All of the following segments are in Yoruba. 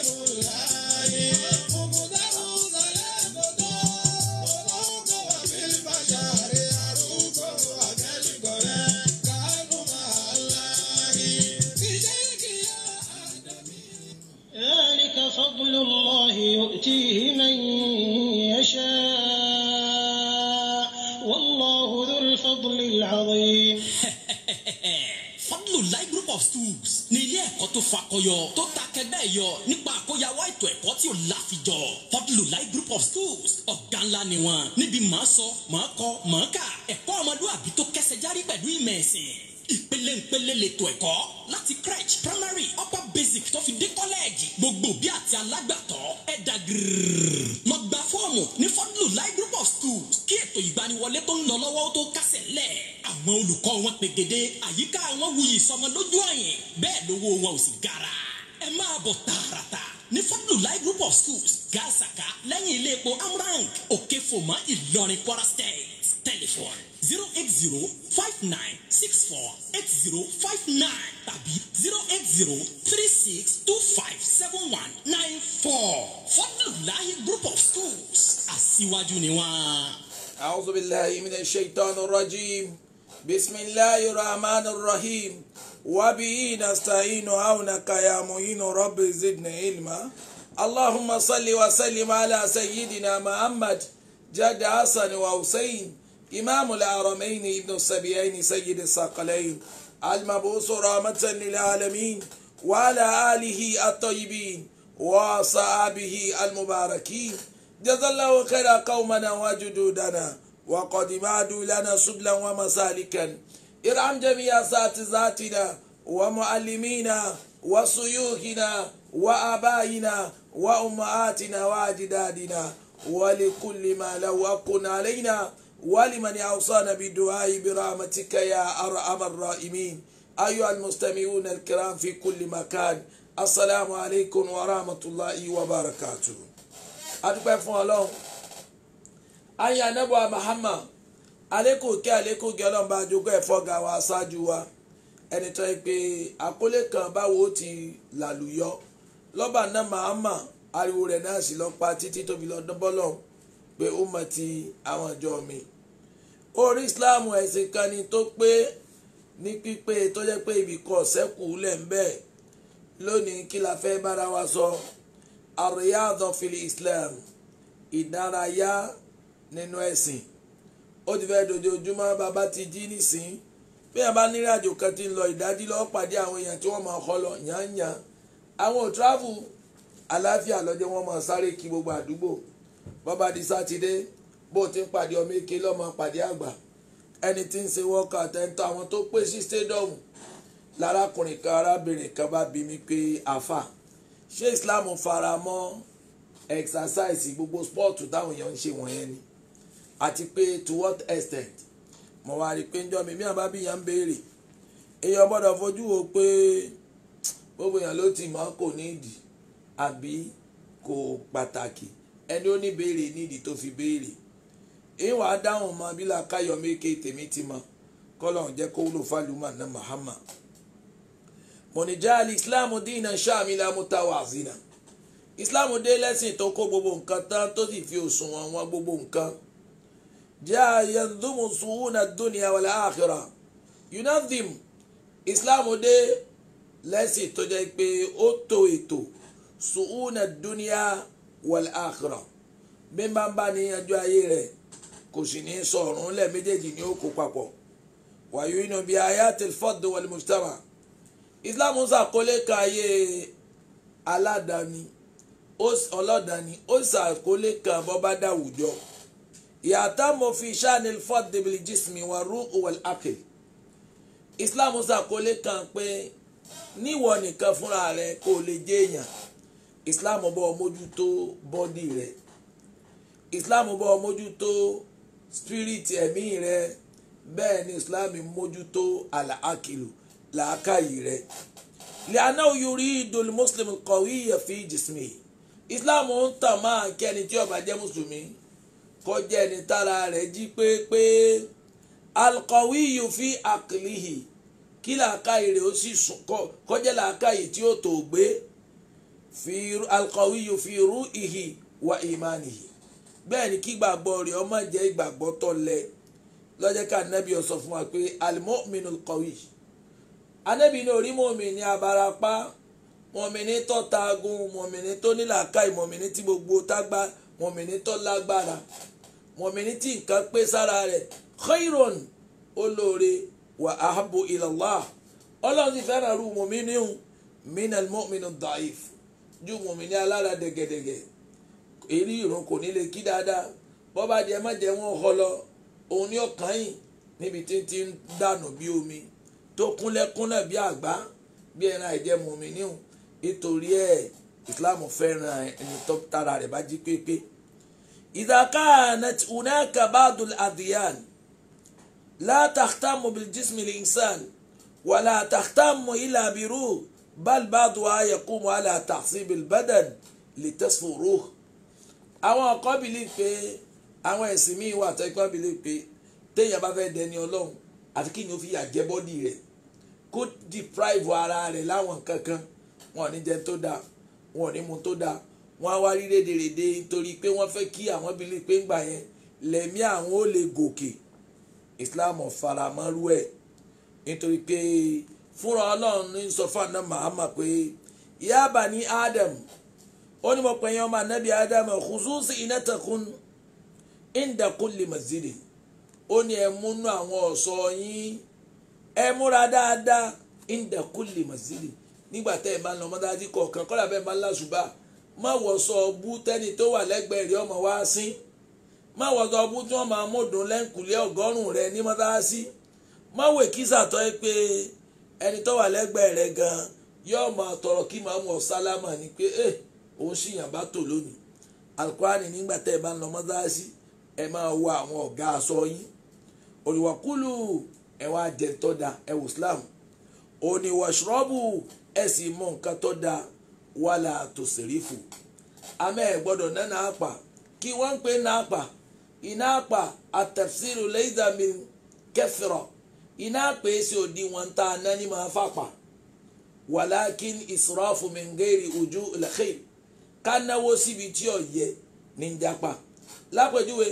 Thank you. fakọyọ tó ta kẹgbẹ́ yọ nípa àkóyawọ́ ètò ẹ̀kọ́ tí ò láfijọ́ Fọdúlùláì group of schools ọ̀gá ńlá ni wọn níbi màá sọ màá kọ màá kà ẹ̀kọ́ ọmọlúwàbí tó kẹsẹ̀ járí pẹ̀lú ìmọ̀ ẹ̀sìn ìpele ìpele lètò ẹ̀kọ́ láti crèche primary upper basic tó fi dé kọ́lẹ́ẹ̀jì gbogbo bí àti alágbàtọ́ ẹ̀dá campus two kí ètò ìgbaniwọlé tó ń lọ lọ́wọ́ tó kásẹ̀ lẹ̀. àwọn olùkọ́ wọn pègede àyíká wọn wuyì sọmọ lójú ọ̀yìn bẹ́ẹ̀ lówó wọn ò sì gara. ẹ máa bọ̀ tààràtà ní fabulai group of schools gazaka lẹ́yìn ilé epo amrank òkèfòmọ́ ìlọrin kwara state telephone zero eight zero five nine six four eight zero five nine tàbí zero eight zero three six two five seven one nine four fabulai group of schools aṣíwájú ni wọ́n. a'udhu billahi minash shaitani rajim bisimilayi rahmani rahim wabiyi nasta'inu aunaka ya mu'inu rabbi zidni ilma allahumma salli wa sallim ala sayyidina muhammad jad hasan wa hussein imam al-haramain ibn sabiyain sayyid as-saqalain المبعوث رحمة للعالمين وعلى آله الطيبين وصحابه المباركين جزا الله خيرا قومنا وجدودنا وقد مادوا لنا سبلا ومسالكا ارحم جميع اساتذتنا ومعلمينا وسيوخنا وابائنا وامهاتنا واجدادنا ولكل ما لو حق علينا ولمن اوصانا بالدعاء برحمتك يا ارحم الرائمين ايها المستمعون الكرام في كل مكان السلام عليكم ورحمه الله وبركاته adúpẹ́ fún ọlọ́run ayé anábọ̀ Muhammad alẹ́kùn kí alẹ́kùn kí ọlọ́run bá jogún ẹ̀fọ́ ga wa ṣáájú wa ẹni tó yẹ pé àkọlé kan báwo ti làlùyọ lọ́ba náà Muhammad ariwo rẹ̀ náà sì lọ pa títí tóbi lọ́dún bọ́lọ̀ pé ó mọ̀ ti àwọn ìjọ mi orí Islam ẹ̀sìn kan ni tó pé ní pípé tó yẹ pé ibìkọ́ sẹ́kù lẹ̀ ń bẹ́ẹ̀ lónìí kí la fẹ́ bára wa sọ. So àríyáàdọ̀ fìlì islam ìdárayá nínú ẹ̀sìn ó ti fẹ́ dojoojúmọ́ bàbá ti jí nísìn bí a bá nírìn àjò kan ti ń lọ ìdájí lọ́ọ́ pàdé àwọn èèyàn tí wọ́n máa kọ́ lọ yànyàn àwọn ò tíráfù àláfíà lọ́jọ́ wọn máa sáré kí gbogbo àdúgbò bàbá di sátidé bó ti ń pàdé ọmọ èké lọ́mọ pàdé àgbà ẹni tí ń ṣe wọ́ọ̀kà àtẹ̀ntọ́ àwọn tó pè sí stadium lárakùnrin kan arábìnrin kan bá bí pé àáfàá ṣé islam fara mọ́ exercise gbogbo sport táwọn èèyàn ń ṣe wọ̀nyẹn ni àti pé to what extent mo wá rí i pé njọ́ mi mí àbá bí yàn ń béèrè èèyàn gbọ́dọ̀ fojú wo pé gbogbo èèyàn ló ti mọ̀ kò nídìí àbí kò pàtàkì ẹni ó ní béèrè nídìí tó fi béèrè ìwà dáhùn mọ bí làákàyọ̀mí ké tèmi ti mọ kọ́lọ́hún jẹ́ kó wúlò fálùmọ́ náà Muhammad mọ̀nìjà islam dínà sàmìlà mutawa àzìnà islam dé lẹ́sìn tó kó gbogbo nǹkan tán tó sì fi òṣùwọ̀n wọn gbogbo nǹkan jẹ́ àyẹ̀ndùmù sùúnà dúnìá wal akhirah yunadim islam dé lẹ́sìn tó jẹ́ pé ó tó ètò sùúnà dúnìá wal akhirah bí n bá ń bá ní ẹjọ́ ayé rẹ̀ kò sì ní sọ̀rùn lẹ̀ méjèèjì ní ó kó papọ̀ wàyú inú bíi ayatul fadl wal mujtama islam ń ṣàkólé kan ayé aládàáni ọlọ́dàáni ó ṣàkólé kan bọ́bá dáwùjọ yàtàmù fi ṣáàni fọ́ọ̀dì bìlì jísìmì wà rú wal akil islam ṣàkólé kan pé níwọ̀ nìkan fúnra rẹ̀ kò lè jẹ́ èèyàn islam bọ́ mójútó bọ́dì rẹ̀ islam bọ́ mójútó spirit ẹ̀mí rẹ̀ bẹ́ẹ̀ ni islam mójútó àlàákìlù làákàyè rẹ lẹ́yìn àwọn yorì ìdòlù mùsùlùmí kọ̀wé ìyẹ̀fì jìsìmì islam ń tàn máa kí ẹni tí ó bá jẹ́ mùsùlùmí kọjá ẹni tára rẹ̀ jí pépé alkọ̀wé yòófì àkìlìhì kí làákàyè rẹ̀ ó sì sùn kọjá làákàyè tí ó tó gbé alkọ̀wé yòófì rú ìhì wa ìmánìhì bẹ́ẹ̀ ni kí gbàgbọ́ rẹ̀ ó jẹ́ ìgbàgbọ́ tọ̀lẹ̀ lọ́jọ́ ká nábì ó sọ fún wa pé alimọ́ọ̀mìnú kọ̀wé yìí anábì ní orí mọ̀mìnì abarapá mọ̀mìnì tó tagun mọ̀mìnì tó nílàákàyè mọ̀mìnì tí gbogbo tágbá mọ̀mìnì tó lágbára mọ̀mìnì tí nǹkan pé sára rẹ̀ khairon olóore wà áhàbò ìlàlá ọlọ́run ti fẹ́ràn rú mọ̀mìnì hùn minal mọ̀mìnì da'if ju mọ̀mìnì alára dẹ̀gẹ̀dẹ̀gẹ̀ èrí ìrun kò ní lè kí dáadáa bọ́ba díẹ̀ má jẹ́ wọn họ lọ òun ni ọkàn yìí níbi tí ń dànù bí omi tó kúnlẹ̀kúnlẹ̀ bí àgbá bí ẹran ẹ̀jẹ̀ mùmíní o nítorí ẹ̀ islam fẹ́ràn ẹni tó tara rẹ̀ bá jí pépé. ìdàkà una kabadul adiyan la takhtamu bil jismi li insan wala takhtamu ila biru bal ba'duha yaqumu ala tahsib al badan li tasfu ruh. àwọn ọkọ bìlí pé àwọn ẹ̀sìn míì wà tó ẹ̀kọ́ bìlí pé téèyàn bá fẹ́ dẹni ọlọ́run àfi kí ni ó fi yà jẹ́ bọ́dì rẹ̀ kó deprive ara rẹ̀ láwọn nǹkan kan wọn ò ní jẹ tó dáa wọn ò ní mu tó dáa wọn á wá rí rédèrèdè torí pé wọ́n fẹ́ kí àwọn bíi pé ń gbà yẹn lẹ́mí àwọn ò lè gòkè Islam faramọ́rú ẹ̀ nítorí pé fúnra ọlọ́run ní sọ fún àná màámà pé yaba ní Adam ó ní mo pè yín ọmọ anábì Adam khususi inatakun inda kulli masjidin ó ní ẹ múnú àwọn ọ̀ṣọ́ yín ẹ múra dáadáa inda kulli masjidin nígbà tẹ́ ẹ máa ń lọ mọ́dájí kọ̀ọ̀kan kọ́lá bẹ́ẹ̀ máa ń má sọ ọbú tó wà lẹ́gbẹ̀ẹ́ rí ọmọ wá sí má sọ tí máa rẹ ní mọ́dájí má ẹ gan yóò máa tọrọ kí máa sálámà ni pé ẹ eh, òun sì yàn bá tò lónìí alukurani nígbà ẹ bá ẹ wá jẹ tó da ẹ wò islam ó ní wàṣọ́bù ẹ sì mọ nǹkan tó da wàhálà tó sèrífù amẹ́ ẹ̀ gbọ́dọ̀ nánà àpà kí wọ́n ń pè ní àpà iná àpà àtẹ̀síru lẹ́yìndàmí kẹfìrọ̀ iná àpè sí òdiwọ̀n tá a nání máa fàpà wàlákin ìsọ̀rọ̀fù mẹ́ngẹ́rì ojú lẹ́kẹ́ ká náwó síbi tí ò yẹ ní ìjàpá lápèjúwe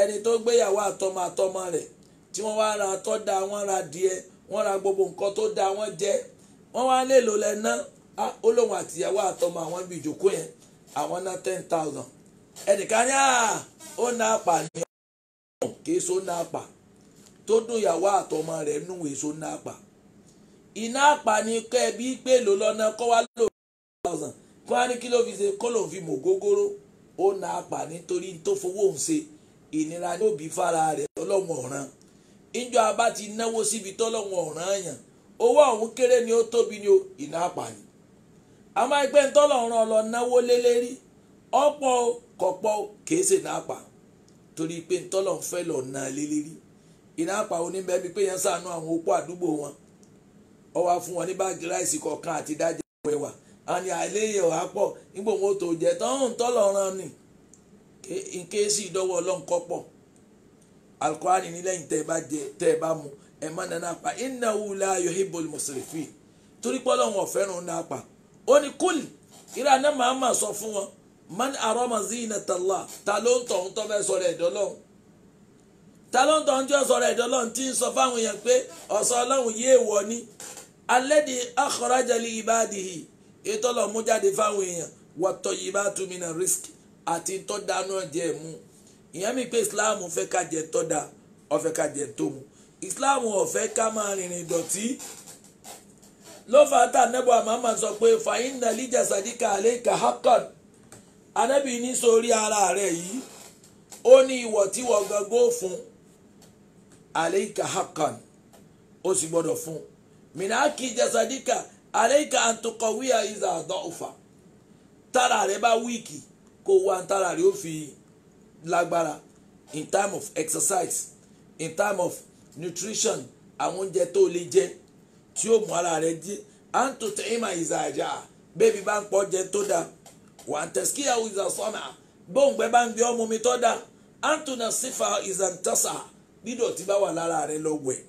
ẹni tó gbéyàwó àtọmọ àtọmọ rẹ̀ tí wọ́n wá ra tó da wọ́n ra díẹ̀ wọ́n ra gbogbo nǹkan tó da wọ́n jẹ wọ́n wá lè lò lẹ́ná ó lóun àtìyàwó àtọmọ àwọn ibi ìjókòó yẹn àwọn ná ten thousand ẹnìkan ní ó ná apà ní ọ̀hún kì í so ná apà tó dùn ìyàwó àtọmọ rẹ̀ nù èso ná apà iná apà ní kẹ́ bí pé lò lọ́nà kọ́ wá lò ten thousand kó wá ní kí ló fi ṣe kó lòun fi mọ̀ gógóró ó na apà nítorí tó fowó òun ṣe ìnira ní òbí fara rẹ̀ ọlọ́mọ njọ aba ti náwó síbi tọ́lọ́wọ̀n ọ̀ràn àyàn owó ọ̀hún kéré ni ó tóbi ni ìná apààyàn àmọ́ ẹgbẹ́ ńtọ́lọ́run ọlọ náwó lélẹ́rí ọ̀pọ̀ kọ̀pọ̀ kìí ṣe náà torí pé ńtọ́lọ̀ fẹ́ lọ na lélẹ́rí ìná apà oníbẹ̀ẹ́bí pé yẹn sànú àwọn opó àdúgbò wọn ó fún wọn ní báàgì ráìsì kọ̀ọ̀kan àti dájẹ́ ẹ̀wà alukurani ní lẹ́yìn tẹ́ ẹ bá jẹ tẹ́ ẹ bá mu ẹ má nana pa innahu la yuhibbul musrifin torí pọ́lọ́ wọn fẹ́ràn náà pa ó ní kúlì ìrà náà máa ma sọ fún wọn man arama zinatallah ta ló ń tọ̀hún tọ́ fẹ́ sọ̀rọ̀ ẹ̀dọ́ lọ́hùn ta ló ń tọ̀hún tí wọ́n sọ̀rọ̀ ẹ̀dọ́ lọ́hùn tí ń sọ fáwọn èèyàn pé ọ̀sán ọlọ́hùn yé wọ ní alladhi akhraja li ibadihi ètò ọlọ́mú jáde fáwọn èèyàn wat tayyibatu mina rizq àti tọ́ dáná jẹ́ mú ìyẹn mi pé islam fẹ́ ká jẹ tó dáa ó fẹ́ ká jẹ tó mu islam ó fẹ́ ká máa rìnrìn dọ̀tí ló fà á tà nẹ́bọ̀ àmàmà sọ pé fàyín nàlíjà sàdíkà àlẹ́kà hakan anábì ní sórí ara rẹ̀ yìí ó ní ìwọ̀ tí wọ́n gangan ó fún àlẹ́kà hakan ó sì gbọ́dọ̀ fún mìnàkì jasadika àlẹ́kà àtọkọ̀wé àìsàn àdọ́ọ̀fà tára rẹ̀ bá wíìkì kó wá tára rẹ̀ ó fi yìí lágbára in time of exercise in time of nutrition àwọn oúnjẹ tó lè jẹ tí ó mú ara rẹ jí à ń tòtò ìmọ̀ ìzàjà bébí bá ń pọ̀ jẹ tó dáa wà á tẹ̀síkíyà ìzà sọ́nà bóńgbẹ́ bá ń gbé ọmọ mi tó dáa à ń tòna sífà ìzà ń tẹ̀sà bídọ̀tí bá wà lára rẹ lọ wẹ̀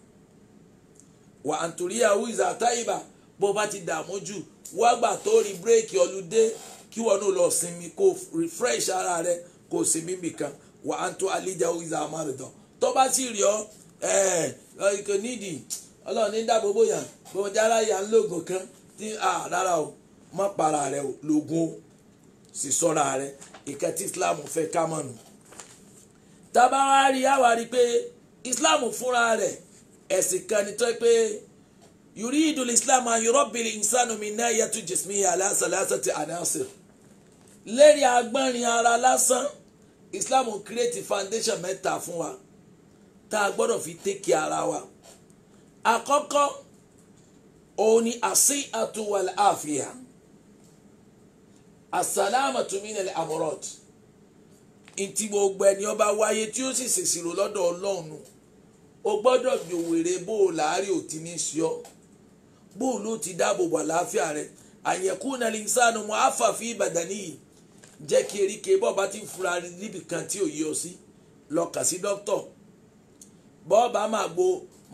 wà á tòríyà ìzà táyìbà bó bá ti dààmú jù wá gbà tó rí bírèkì ọlùdé kí wọn náà lọ sinmi kó refresh ara rẹ kò sí mímì kan wà á tó alíjà ìzà àmàlùtàn tó bá sì rí ọ eh, kò nídìí ọlọ́run ní dáàbò bóyá bóyá jára yà ń lògùn kan tí rárá o má para rẹ o lògùn o sì sọ́ra rẹ ìkẹ́ tí islam fẹ́ ká mọ̀ nù. tábàwá rí àwa rí pé islam fúnra rẹ̀ ẹ̀sìn kan ní tọ́ pé yuridul islam an yurabbil insanu min nayatu jismiya ala salasati anasir lẹ́rìí agbọ́nrin ara lásán islam create foundation mẹ́ta fún wa tá a gbọ́dọ̀ fi tẹ́kì ara wa àkọ́kọ́ òun ni àṣì àtúwàlì àfihàn asàlámàtú minal amurad ntí gbogbo ẹni ọba wáyé tí ó sì ṣèṣirò lọ́dọ̀ ọlọ́run o gbọ́dọ̀ gbòwèrè bó o láàárín òtí ní sí ọ ló ti dáàbò bò àlàáfíà rẹ àyẹ̀kú nàlẹ́ ìsànù mọ́ ìbàdàn nìyí jẹ́ kí eríke bọ́ọ̀bá ti fura níbi ti tí ò yí ọ sí lọ kà sí bọ́ọ̀bá máa gbo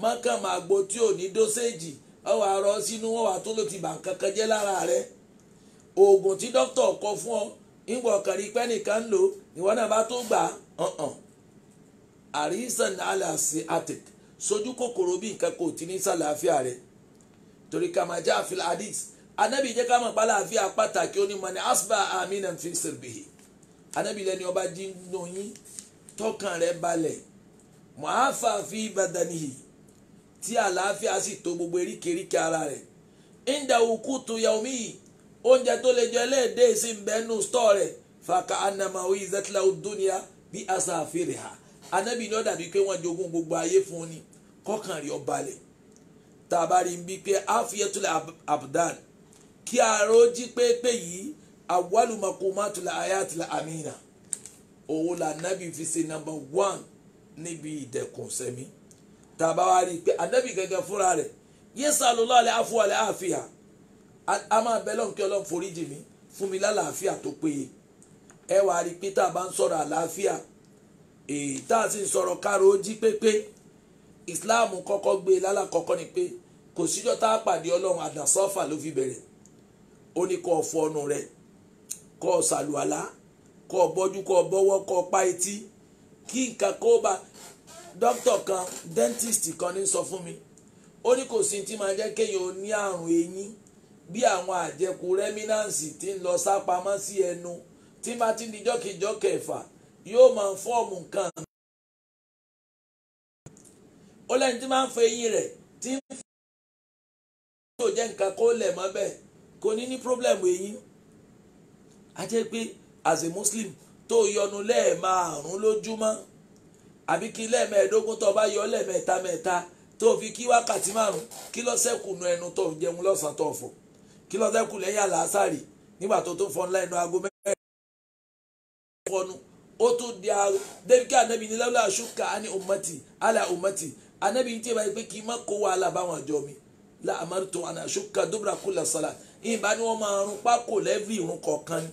mọ́kàn máa gbo tí ò ní dóséèjì ọwọ́ arọ sínú wọn wà tó ló ti bà kankan jẹ́ lára rẹ oògùn tí kọ fún ọ ìgbọ̀ kàrí pẹ́ nìkan ń lò ìwọ náà bá tó gbà ọ̀hàn atik sojú kòkòrò bí nǹkan kò ti ní sàlàáfíà rẹ torí kàmájà anabi jẹ́ ká mọ̀ pa láàfin apáta kí ó ní asba aminan fi sirbihi anabi lẹ́ni ọba jí nù yín tọkàn rẹ̀ balẹ̀ muhafa fi badanihi tí àlàáfíà sì tó gbogbo eríkèéríkè ara rẹ̀ inda ukutu yaomi oúnjẹ tó lè jẹ ẹlẹ́ẹ̀dẹ́ sí mbẹ́nu stọ́ rẹ̀ fàkà anamawi zetla udunia bí asa àfihàn ha anabi ni ó dàbí pé wọ́n jogún gbogbo ayé fún ni kọ́kàn rẹ̀ ó balẹ̀ bí pé àfiyẹ́tulẹ̀ abdan kí ààrẹ ó jí pépé yìí awálùmọ̀kọ́mọ́tòlá ayatollah amina òun la nábì fi ṣe nàmbà one níbi ìdẹ̀kùn sẹ́mi tàbá wa rí i pé anábì gẹ́gẹ́ fúnra rẹ̀ yéésà lọ́lọ́ alẹ́ afúwalẹ̀ àfihàn a máa bẹ́ lọ́nkẹ́ ọlọ́run foríjì mi fún mi lálàáfíà tó péye ẹ wà á rí i pé tá a bá ń sọ̀rọ̀ àlàáfíà èyí tá a sì ń sọ̀rọ̀ kárò pépé ìsìláàmù kọ́kọ́ gbé e lálàkọ́kọ́ ni pé kò síjọ́ tá a pàdé ọlọ́run àdàsọ́fà ló fi bẹ̀rẹ̀ ó ní kọ́ fọnu rẹ kọ́ sàlùwàlá kọ́ bọ́jú kọ́ bọ́wọ́ kọ́ pa etí kí nǹkan kó bá dókítà kan dentist kan ní sọ fún mi ó ní kò sí ti máa jẹ́ kéèyàn ní àrùn eyín bí àwọn àjẹkù rẹ́mínàǹsì ti ń lọ sápamọ́ sí ẹnu tí máa ti di jọ́kìjọ́ kẹfà yóò máa fọ́ọ̀mù nǹkan. ó lẹ́yìn tí máa ń fọ eyín rẹ̀ tí ń fọ́ jẹ́ nǹkan kó lẹ̀ mọ́ bẹ́ẹ̀. kò ní ní problem eyín a jẹ́ pé as a muslim tó yọnu lẹ́ẹ̀márùn lójúmọ́ àbí kí lẹ́ẹ̀mẹ́ẹ̀ẹ́dógún tó bá yọ lẹ́ẹ̀mẹ́ta mẹ́ta tó fi kí wákàtí márùn kí ló ṣẹ́kù nu ẹnu tó jẹun lọ́sàn-án tó fọ̀ kí ló ṣẹ́kù lẹ́yìn àlàásàrì nígbà tó tó fọ́ ńlá ẹnu aago mẹ́rin fọ́nu ó tún di aago débi kí anabi ní lọ́lá aṣúkà á ní ummati ala ummati anabi ní tí ì bá yẹ pé kí má kó wàhálà báwọn àjọ mi la amartu àná aṣúkà dubra kulla salat ìbá ni wọ́n máa run pákó lẹ́fì irun kọ̀ọ̀kan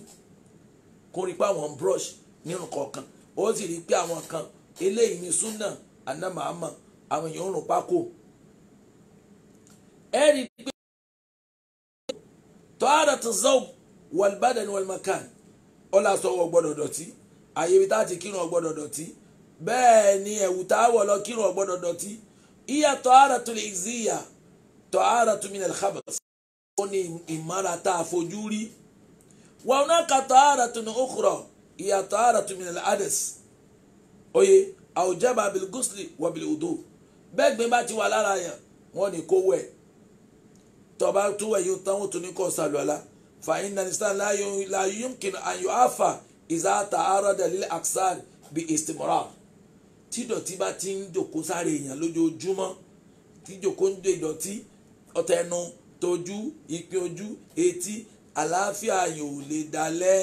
kó rí pé àwọn brush nírun kọ̀ọ̀kan ó sì rí pé àwọn kan eléyìí ni súnà anamahama àwọn èèyàn ń run pákó ẹ rí i pé tọ́hárà tó zọ́ọ̀ wàlúbàdàn ni wàlúmọ̀kàn ọ̀là sọ̀wọ́ gbọ́dọ̀ dọ̀tí àyè ibi tá a ti kírun ọgbọ́dọ̀ dọ̀tí bẹ́ẹ̀ ni ẹ̀wù tá a wọ̀ lọ kírun ọgbọ́dọ̀ dọ̀tí ìyá tọ́hárà tó lè zíyà tọ́hárà tó minal khabas ó ní ìmára tá a fojú rí wọn náà ka taharatun ukhra ìyá taharatun minal hadas oye àwùjẹba bil gusli wa bil wudu bẹ́ẹ̀ gbin bá ti wà lára yàn wọ́n ní kó wẹ̀ tọba tó wẹ̀ yóò tán wọ́n tún ní kó ṣàlùwàlá fa inna nisan la yumkin an yu'afa iza ta'arada lil aksan bi istimrar tí ìdọ̀tí bá ti ń jòkó sáré èèyàn lójoojúmọ́ tí ìjòkó ń dé ìdọ̀tí ọ̀tẹ̀ tojú ìpín ojú etí àlàáfíà yìí ò lè dalẹ̀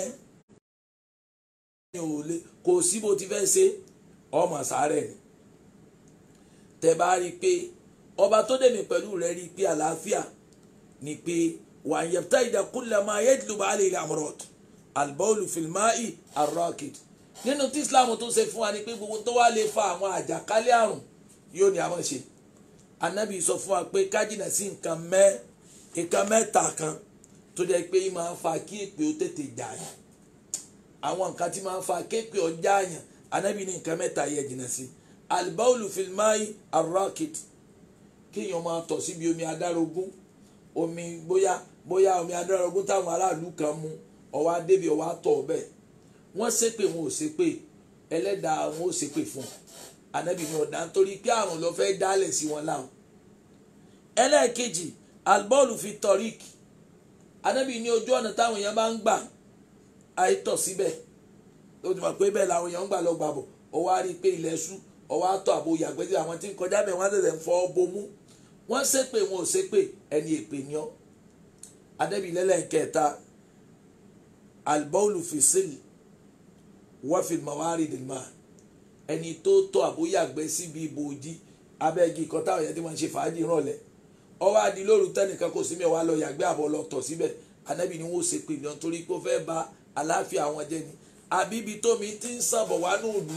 yìí ò lè kò sí bó ti fẹ́ ṣe ọmọ sárẹ̀ ni tẹ bá rí i pé ọba tó dèmi pẹ̀lú rẹ̀ rí i pé àlàáfíà ni pé wà á yẹpẹtà ìdàkúnlẹ̀ máa yẹ ìdìlúbà àlè ilẹ̀ àmúrọ̀d albọ́ọ̀lù fìlmáì àrọ́kìd nínú tí Islam tó ṣe fún wa ni pé gbogbo tó wá lè fa àwọn àjàkálẹ̀ àrùn yóò ní àwọn ṣe Ànábì sọ fún wa pé kájìnà sí nǹkan mẹ́ẹ́ nǹkan mẹ́ta kan tó jẹ́ pé máa ń fa kí èpè ó tètè jàyàn àwọn nǹkan tí máa ń fa kéèpè ó jàyàn anábì ní nǹkan mẹ́ta yẹ jìnnà sí albaulu filmai arrakit kéèyàn máa tọ̀ síbi omi adárógún omi bóyá bóyá omi adárógún táwọn aráàlú kan mu ọwọ́ adébí ọwọ́ atọ̀ bẹ́ẹ̀ wọ́n ṣépè wọn ò ṣépè ẹlẹ́dàá wọn ò ṣépè fún un anábì ní ọ̀dà nítorí pé àrùn ló fẹ́ dálẹ̀ sí wọn láwọn ẹlẹ́ẹ̀kejì albọ́ọ̀lù fi tọ́rík anábì ní ojú ọ̀nà táwọn èèyàn bá ń gbà àìtọ̀ síbẹ̀ ó ti mọ̀ pé bẹ́ẹ̀ làwọn èèyàn ń gbà lọ gbàbọ̀ ó wá rí i pé ilẹ̀ ṣú ó wá tọ̀ àbò yàgbẹ́ sí àwọn tí ń kọjá bẹ̀ wọ́n tẹ̀sẹ̀ ń fọ́ bomú wọ́n ṣépè wọn ò ṣépè ẹni èpè ni ọ́ anábì lẹ́lẹ́kẹta albọ́ọ̀lù fi sílì wọ́n fi mọ̀wárì dì máa ẹni tó tọ̀ àbò yàgbẹ́ síbi ibòji abẹ́gi kọ́tà ọ̀yẹ́ tí ṣe fàájì rànlẹ́ ọwọ́ adi lóru tẹ́nìkan kò síbẹ̀ wà lọ yàgbé àbọ̀ lọ tọ̀ síbẹ̀ anábì ni wọ́n ṣe pè lọ torí pé fẹ́ ba àlàáfíà àwọn jẹ́ ni àbíbi tómi ti ń sàbọ̀ wá ní òdu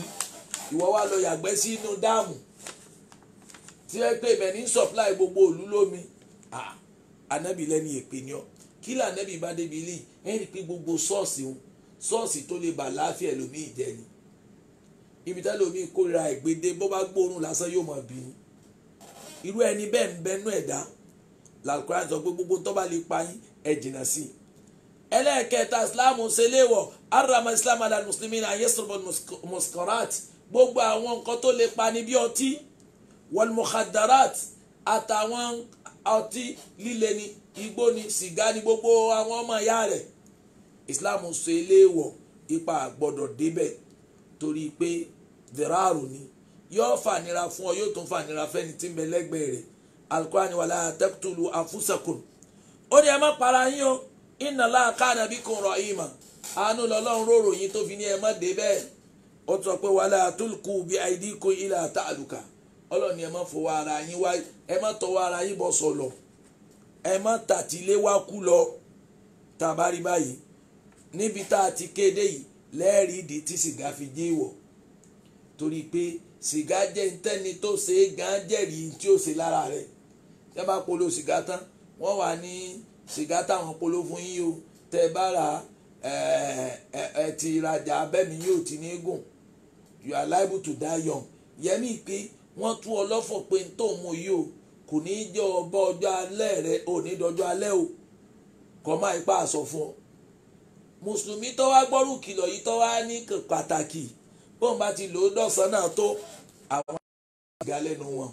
ìwọ́ wà lọ yàgbẹ́ sí inú dáàmù tí wọ́n pè mẹ́ ní supply gbogbo òlu lómi anábì lẹ́ni èpè ni ọ́ kí lànàbì bá débi ilé ẹ̀ rí pé gbogbo ṣọ́ọ̀ṣì òun ṣọ́ọ̀ṣì tó lè ba àlàáfíà ẹlòmíì jẹ́ ni ibi tá lómi kórira ìgbéde bó bá gbóòórùn lásán yóò mọ̀ bí irú ẹni bẹ́ẹ̀ ń bẹnu ẹ̀dá làlùkùránì sọ pé gbogbo tó bá lè pa yín ẹ jìnnà sí i ẹlẹ́ẹ̀kẹta islam ṣe léèwọ̀ arama islam ala muslimin ayesorobo muskarat gbogbo àwọn nǹkan tó lè pa ní bí ọtí wal mukhadarat àtàwọn ọtí líle ni igbó ni sìgá ni gbogbo àwọn ọmọ ìyá rẹ̀ islam ṣe léèwọ̀ ipa àgbọ́dọ̀ débẹ̀ torí pé dìraaru ni yóò fànira fún ọ yóò tún fànira fẹ́ni tí ń bẹ lẹ́gbẹ̀ẹ́ rẹ̀ alukóhani wàlá taqtulu anfusakum ó ní ẹ má para yín o inna Allaha kana bikum rahima àánú lọ́lọ́run róró yín tó fi ní ẹ má dé bẹ́ẹ̀ ó sọ pé wàlá tulqu bi aydikum ila ta'luka ọlọ́ni ẹ má fọwọ́ ara yín wá ẹ má tọwọ́ ara yín bọ́ sọ̀lọ̀ ẹ má tàtílé wá kú lọ tàbárí báyìí níbi tá a ti kéde yìí lẹ́ẹ̀rí ìdí tí sìgá torí pé sìgá jẹ́ ntẹ́ni tó ṣe é gan jẹ́rìí tí ó ṣe lára rẹ̀ tẹ́ bá polo sìgá tán wọ́n wà ní sìgá táwọn polo fún yín o tẹ́ bá ra ẹ ti rajà abẹ́mi yóò ti ní gùn you are liable to die young yẹ́nì pé wọ́n tú ọlọ́fọ̀ pé n tó mú yìí o kò ní í jẹ́ ọbọ̀ ọjọ́ alẹ́ rẹ ò ní dọjọ́ alẹ́ o kọ́ máa ipá àsọ fún ọ mùsùlùmí tó wá gbọ́rù kìlọ̀ yìí tó wá ní pàtàkì bóun bá ti lò ó dọ̀sán náà tó àwọn àgbà lẹ́nu wọn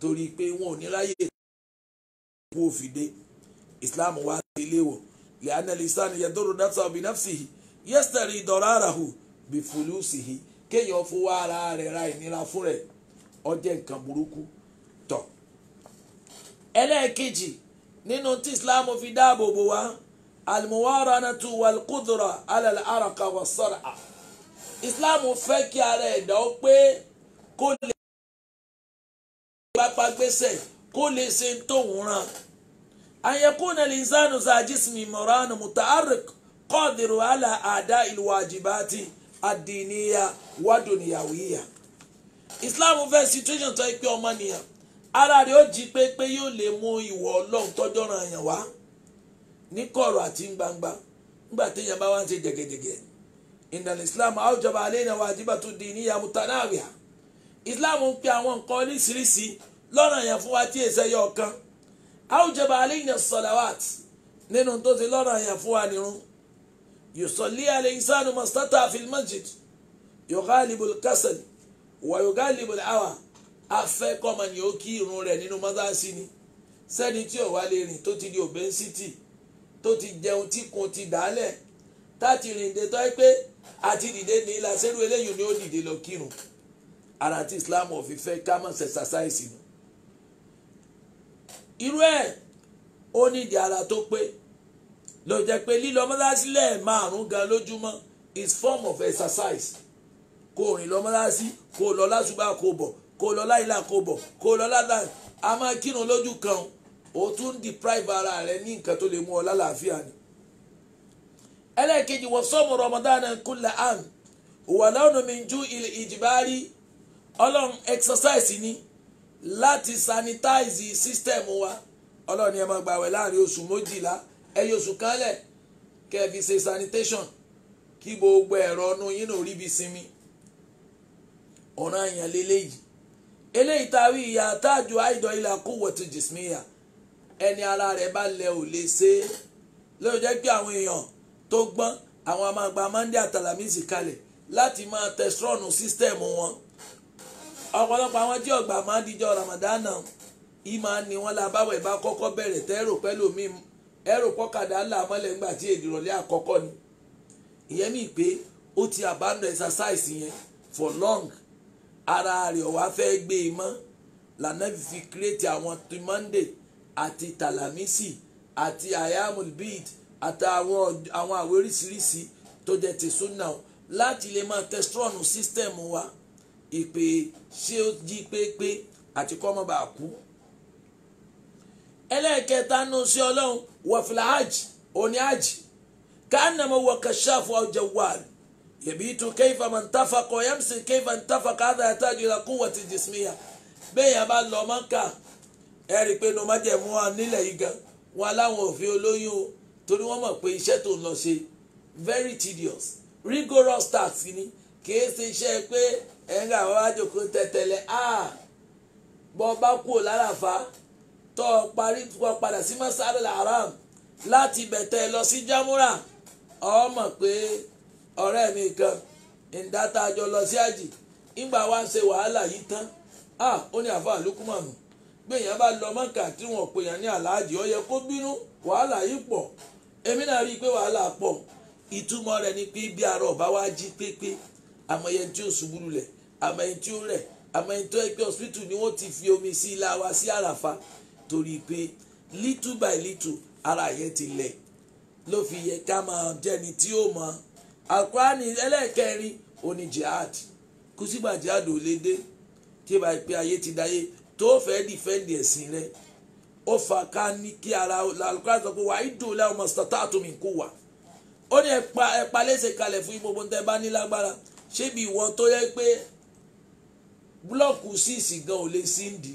torí pé wọn ò ní ráyè tó wọ́n fi dé Islam wá sí ilé wọ̀ lẹ́yìn alisan yadoro nafsa bi nafsi yẹ́sítẹ̀rì ìdọ̀rọ̀ àràhù bí fúlùsì yìí kéèyàn fowó ara rẹ̀ ra ìnira fún rẹ̀ ó nǹkan burúkú tọ̀ ẹlẹ́ẹ̀kejì nínú tí Islam fi dáàbò bò wá almuwaranatu walqudra ala al-araka was-sar'a. islam fẹ́ kí ara ẹ̀dá ó pé kó lè gbapá gbèsè kó lè ṣe ń tóun ràn ayẹkùn ẹlẹ́nsánù sàjísìmì mọ̀ránù mùtàárìk kọ́ọ̀dìrò àlà àdá ìlúwàjìbáàtì àdìníyà wádùnìyàwíyà islam fẹ́ situation tó pé ọmọnìyàn ara rẹ̀ ó jí pépé yóò lè mú ìwọ̀ ọlọ́run tọ́jọ́ ran àyàn wá ní kọ̀rọ̀ àti gbangba nígbà téèyàn bá wá ń ṣe inna islam awjaba alayna wajibatu diniya mutanawiha islam ń pe àwọn nǹkan oríṣiríṣi lọ́nà yẹn fún wa tí èsè yọ ọ̀kan awjaba alayna salawat nínú tó ti lọ́nà yẹn fún wa nírun yusalli al-insanu mastata fil masjid yughalibul kasal wa yughalibul awa afẹ́ kọ́mọ ni ó kí irun rẹ̀ nínú mọ́sáàsì ni sẹ́ni tí ò wá lè rìn tó ti di obesity tó ti jẹun tí kun ti dàálẹ̀ tá a ti rìn dé tọ́ ẹ pé àti dìde ní ilà sẹ́rù eléyìí ni ó dìde lọ kírun ara tí Islam ò fi fẹ́ ká mọ̀ ṣẹ̀ṣàṣáìsì nù. irú ẹ̀ ó nídìí ara tó pé ló jẹ́ pé lílọ mọ́láṣí lẹ́ẹ̀márùn-ún gan lójúmọ́ is form of exercise kó o rìn lọ mọ́láṣí kó o lọ lásùbà kó o bọ̀ kó o lọ láìlà kó o bọ̀ kó o lọ ládà a máa kírun lójú kan o tún deprive ara rẹ ní nǹkan tó lè mú ọ lálàáfíà ni ẹlẹ́ẹ̀kejì wọ́n sọ́mu Ramadana kulla an wà lọ́nà mi ju ilẹ̀ ìjìbárí ọlọ́run exercise ni láti sanitize system wa ọlọ́run ni ẹ máa gbàwẹ̀ láàrin oṣù méjìlá ẹyẹ oṣù kanlẹ̀ kẹfì ṣe sanitation kí gbogbo ẹ̀rọ ọ̀nù yín náà rí bí sinmi ọ̀ràn àyàn lélẹ́yìí eléyìí tá a ìyá táàjù àìdọ̀ ilẹ̀ àkówọ̀tò jìsmíyà ẹni ara rẹ̀ bá lẹ̀ ò lè ṣe é lóòjẹ́ pé àwọn èèyàn tó gbọ́n àwọn máa gba monday àtàlàmísì kalẹ̀ láti máa tẹ̀sírọ̀nù sísítẹ̀mù wọn ọ̀pọ̀lọpọ̀ àwọn tí ọ̀gbà máa díjọ́ ramadana ìmọ̀ ni wọ́n la báwẹ̀ bá kọ́kọ́ bẹ̀rẹ̀ tẹ́rò pẹ́lú mi ẹ̀rò pọ́kadà ńlá mọ́lẹ̀ ńgbà tí èdìrọ̀lẹ́ àkọ́kọ́ ni ìyẹn mi pé ó ti abandon exercise yẹn for long ara rẹ̀ ọ̀wá fẹ́ gbé e mọ́ lànà fi create àwọn ti monday àti tàlàmísì àti ayamul bid àtàwọn àwọn àwé oríṣiríṣi tó jẹ́ ti sunna láti lè máa tẹstrọ́ọ̀nù sísítẹ̀mù wa ìpè ṣé ó jí pépé àti kọ́ mọ́ bá kú. ẹlẹ́ẹ̀kẹta nu sí ọlọ́run wọ̀fìlà hajj òní hajj kánàmọ́ wọ kàṣáfù ọjà wàlù yabitu kayfa man tafaqa wa yamsi kayfa man tafaqa hadha yataju ila quwwati jismiya bẹ́ẹ̀ yà bá lọ mọ́kà ẹ̀rí pé nu májẹ̀mú wa nílẹ̀ yìí gan wọn aláwọn òfin olóyún o torí wọ́n mọ̀ pé iṣẹ́ tó ń lọ ṣe very tedious rigorous task ni kìí ṣe iṣẹ́ pé ẹ̀ńgà wọn á jòkó tẹ̀tẹ̀lẹ̀ ah bọ́ bá kú ò lálàfà tọ́ ọ parí wọ́n padà sí masalẹ̀ haram láti bẹ̀tẹ̀ lọ sí jámúrà ọ mọ̀ pé ọ̀rẹ́ mi kan ìdáta àjọ lọ sí àjì ìgbà wa ń ṣe wàhálà yìí tán ah, ó ní àfa àlùkùmọ̀nù gbẹ̀yìn bá lọ mọ́kà tí wọ́n pè yàn ní àlàájì ó yẹ kó bínú wàhálà yìí pọ̀ èmi náà rí i pé wàhálà pọ̀ ìtumọ̀ rẹ̀ ni pé bí arọ bá wá jí pépé àmọ́ ẹni tí ó ṣubú lulẹ̀ àmọ́ ẹni tí ó rẹ̀ àmọ́ ẹni tó ẹgbẹ́ hospital ni wọ́n ti fi omi sí ilá wa sí àràfà torí pé little by little ara yẹn ti lẹ̀ ló fi yẹ ká máa jẹni tí ó mọ àkúránì ẹlẹ́ẹ̀kẹrin oní jihad kùsìgbà jihad ò lè dé tí ìbá pé ayé ti dáyé tó fẹ́ dìfẹ́ǹdì ẹ̀sìn rẹ̀ ofa ka ká ní kí ara alukóra sọ pé wà á dùn lẹ́wọ̀n mọ̀sítọ́tà àtúmí kú wà ó ní ẹ̀pa ẹ̀pa léṣe kalẹ̀ fún gbogbo tẹ́ bá ní lágbára ṣébi ìwọ tó yẹ pé búlọ́ọ̀kù síìsì gan ò lè síndì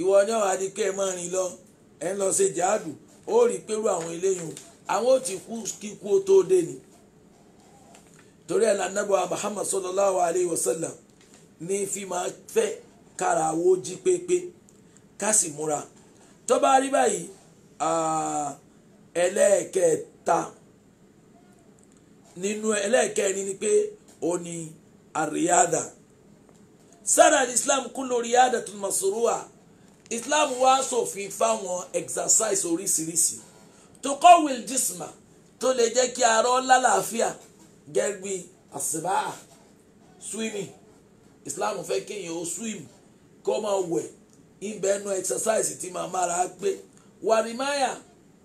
ìwọ ní ọ̀hún adìkẹ́ ẹ̀ máa rìn lọ ẹ̀ ń lọ ṣe ó rí àwọn eléyìí àwọn ò kú ni torí ẹ̀ lànàbọ̀ Muhammad sallallahu alayhi wa sallam ní fi máa fẹ́ kára pépé ká tó bá rí báyìí ẹlẹ́ẹ̀kẹta nínú ẹlẹ́ẹ̀kẹrin ni pé ó ní àríyáda sára islam kullu riyadatun masrua islam wá sòfin fáwọn exercise oríṣiríṣi tó kọ́ will jisma tó lè jẹ́ kí arọ́ lálàáfíà gẹ́gẹ́ bí àsìbáà swimming islam fẹ́ kéèyàn ó swim kó máa wẹ̀ ìbẹ̀nu exercise tí màá mára gbé wàrímáyà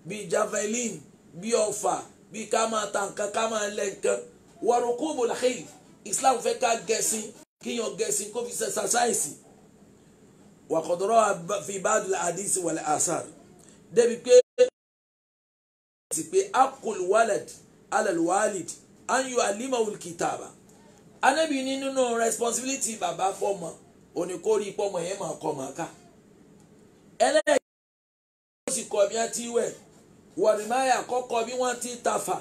bi javelin bi ọfà bi ká máa ta nǹkan ká máa lẹ nǹkan wọ̀rùkú bùláhìí islam fẹ́ ká gẹ̀ẹ́sìn kíyan gẹ̀ẹ́sìn kó fi ṣe exercise wàkọ̀dọ̀rọ̀ fi báàdì àdìsí wàlẹ̀ asar débi pé ti pé akul walad alal walid an yu alimawul kitaba anabi nínú responsibility bàbá fọmọ oníkórìí pọmọ yẹn máa kọ máa ká ẹlẹ́yìn sì kọ́ bí wọ́n ti wẹ̀ wọ̀rìmáyà kọ́kọ́ bí wọ́n ti tafà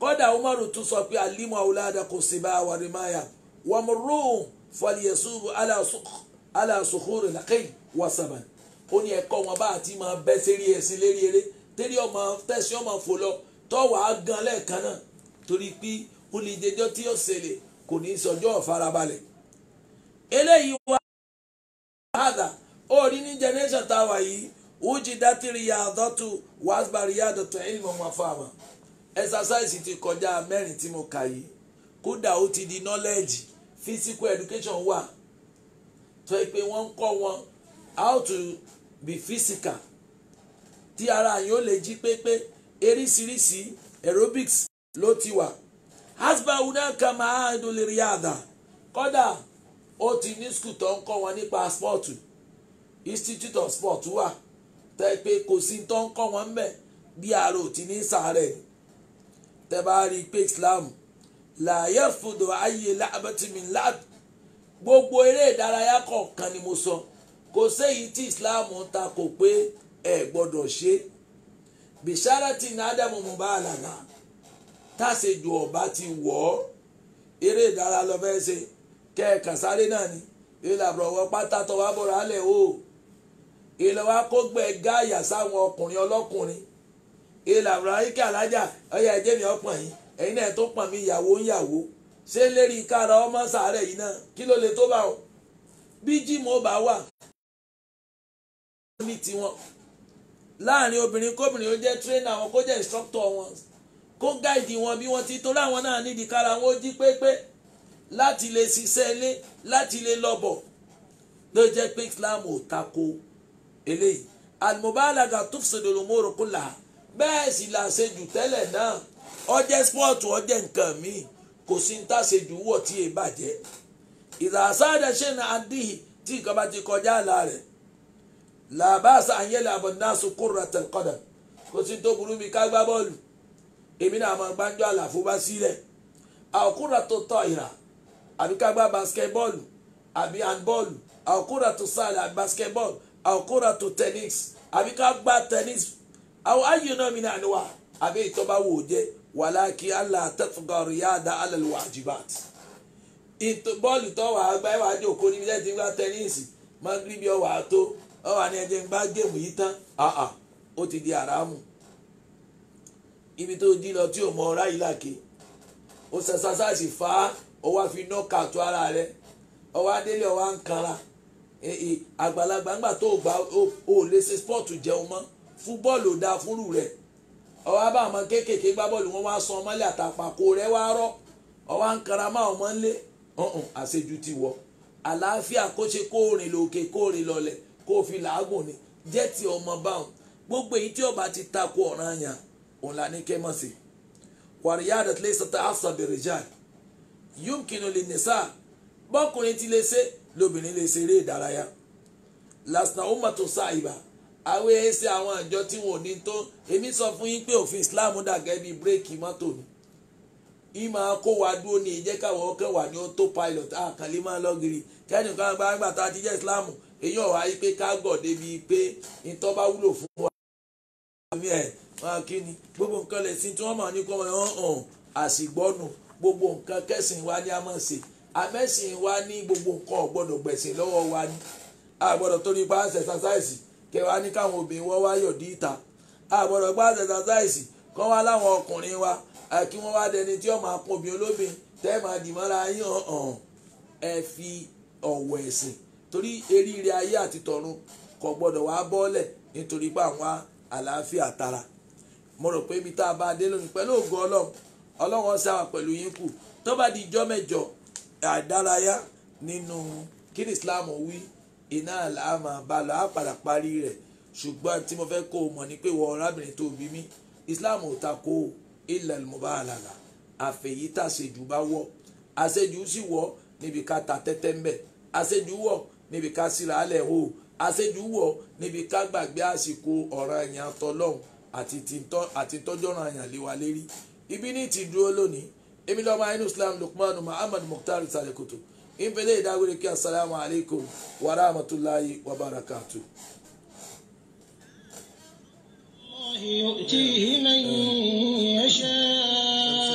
kọ́dà umaru tún sọ pé alimu awulada kò sí bá wọ̀rìmáyà wọ́mùrún fọlíyẹ̀sùbù aláṣùkúrò làkẹ́yìn wọ́sàbàn ó ní ẹ̀kọ́ wọn bá àti máa bẹ́ sérí ẹ̀sìn lérí eré tẹ́lí ọmọ tẹ̀sí ọmọ fò lọ tọ́wọ́ á gan lẹ́ẹ̀kan náà torí pé ó tí ó ṣẹlẹ̀ kò ní í sọjọ́ ọ̀farabalẹ̀ eléyìí wá orí ní generation tá a wà yìí wújì dátìrì yà àdọ́tù wàásùbàrì yà àdọ́tù ẹ̀yìn mọ̀ wọn exercise ti kọjá mẹ́rin tí mo kà yìí kódà ó ti di knowledge physical education wà tó yẹ pé wọ́n ń kọ́ wọn how to be physical tí ara yín ó lè jí pépé eríṣiríṣi aerobics ló ti wà hasba unaka mahadum lè rí àdá kódà ó ti ní skul tó ń kọ́ wọn nípa spọ́ọ̀tù institute of sport wà tẹ́ pé kò sí tó ń kọ́ wọn mbẹ̀ bí ara ti ní sàárẹ̀ tẹ́ bá rí pé islam ayé láàbù gbogbo eré ìdárayá kọ̀ọ̀kan ni mo sọ kò tí islam ń ta kò pé ẹ gbọ́dọ̀ ṣe bìsáràtì ní ọba ti wọ̀ ọ́ eré ìdárayá lọ ṣe ni pátá bọ̀rọ̀ alẹ́ ìlà wa kó gbẹ gáàyà sáwọn ọkùnrin ọlọ́kùnrin ìlà àbúráyíkà alájà ọyà ẹjẹ mi ọpọn yìí ẹ̀yin náà tó pọn mi ìyàwó ń yàwó ṣé lérí kára ọmọ sàárẹ̀ yìí náà kí ló lè tó bá o bí jimo bá wà ní tiwọn láàrin obìnrin kóbìnrin ó jẹ́ trainer wọn kó jẹ́ instructor wọn kó gáìdì wọn bí wọ́n ti torí àwọn náà nídìí kára wọn ó jí pépé láti lè ṣiṣẹ́ ilé láti lè lọ bọ̀ ló jẹ́ pé Islam ò tako eléyìí alimobalaga tufsidolomoro kula bẹ́ẹ̀ sì là ṣe jù tẹ́lẹ̀ náà ọjẹ́ spọ́ọ̀tù ọjẹ́ nǹkan mi kò sí ń tà ṣe jù wọ̀ tí èè bàjẹ́ ìdàsáàdà ṣe na adìhì tí nǹkan bá ti kọjá àlà rẹ̀ làbáṣà àyẹ̀lẹ̀ àbọ̀dínàṣù kúrò tẹ̀kọ́dà kò sí tó burú mi ká gbá bọ́ọ̀lù èmi náà máa gbájọ́ àlàfo bá sílẹ̀ àkúrà tó tọ̀ ìrà àbí ká gbá basketball àbí handball àkúrà tó sàlẹ̀ àkúrà tó tennis àbí ká gbá tennis àwọn ayé náà mi náà ni wà àbí ìtọ́ba wò ó jẹ́ wàláàkì allah tẹ́tùgọ́rù yá da alal bọ́ọ̀lù tó wà gbá òkú níbi ti gbá tennis magribi tó ń gbá géèmù yìí tán ti di àràmù ibi tó di lọ tí o mọ ọ̀rá yìí làkè ó fa ọwọ́ àfi nọ́ọ̀kà tó ara rẹ àgbàlagbà ńgbà tó gbà ó lè ṣe spọ́ọ̀tù jẹun mọ́ fún bọ́ọ̀lù dáa fúnrú rẹ̀ ọwọ́ abá àwọn kéékèèké gbá bọ́ọ̀lù wọn wá sọ ọmọlé àtàpàkò rẹ̀ wá rọ́ ọwọ́ à ń karama ọmọ ńlé ọ̀hún àṣejù ti wọ̀ àlàáfíà kó ṣe kó rìn lòkè kó rìn lọlẹ̀ kó fi làágùn ni jẹ́ ti ọmọ báwọn gbogbo èyí tí ọba ti takò ọ̀ràn àyàn òun là ní kẹ́mọ̀ sí wàríyàdà tí lè sọta àṣà bèrè lóbìnrin lè ṣeré ìdárayá lasna umato saiba àwọn èsì àwọn àjọ tí wọn ò ní tó èmi sọ fún yi pé islam dà gẹ́gẹ́ bí bírèkì mọ́tò ni yín máa kó wa dúró ní ìjẹ́ káwọn ọkẹ́ wà ní auto pilot islam fún wa. ni gbogbo nǹkan lè sin tí wọ́n máa ní kọ́ wọn hàn gbogbo wa ni a amẹ́sìn wa ní gbogbo nǹkan ọ̀gbọ́dọ̀ gbẹ̀sìn lọ́wọ́ wa ni àgbọ̀dọ̀ torí pa exercise kẹwàá ní káwọn obìnrin wọn wá yọ̀dí ìta àgbọ̀dọ̀ pa exercise kọ́ wá láwọn ọkùnrin wa kí wọ́n wá dẹni tí ọmọ akun obìnrin olóbìn tẹ́ máa dì mọ́ra yín hàn ẹ fi ọ̀wọ̀ ẹ̀sìn torí eríire ayé àti tọ̀run kò gbọ́dọ̀ wá bọ́ọ̀lẹ̀ nítorí pé àwọn àlàáfíà tara mo rò pé ibi tá a bá dé lónìí pẹ̀lú ògo ọlọ́run ọlọ́run ṣá àdárayá nínú kí ni Islam wí iná làá máa bá lọ á padà parí rẹ̀ ṣùgbọ́n tí mo fẹ́ kó o mọ̀ ni pé wọ́n arábìnrin tó bí mi Islam ò ta ko ilẹ̀ mọ̀bá àlàlà àfẹ̀yí tà ṣèjú bá wọ̀ àṣejù sì wọ̀ níbi ká ta tẹ́tẹ́ ń bẹ̀ àṣejù wọ̀ níbi ká síra alẹ̀ hó àṣejù wọ̀ níbi ká gbàgbé àsìkò ọ̀ràn àyàn tọlọ́hún àti tọ́jọ́ràn àyàn léwa lérí ibi ní ti dúró lónìí èmi lọ́mọ inú islam lukmanu muhammad mukhtar salekoto ìfẹ́lẹ́ ìdágbére kí asalaamu alaykum wa rahmatulahi wa barakatu. يؤتيه من يشاء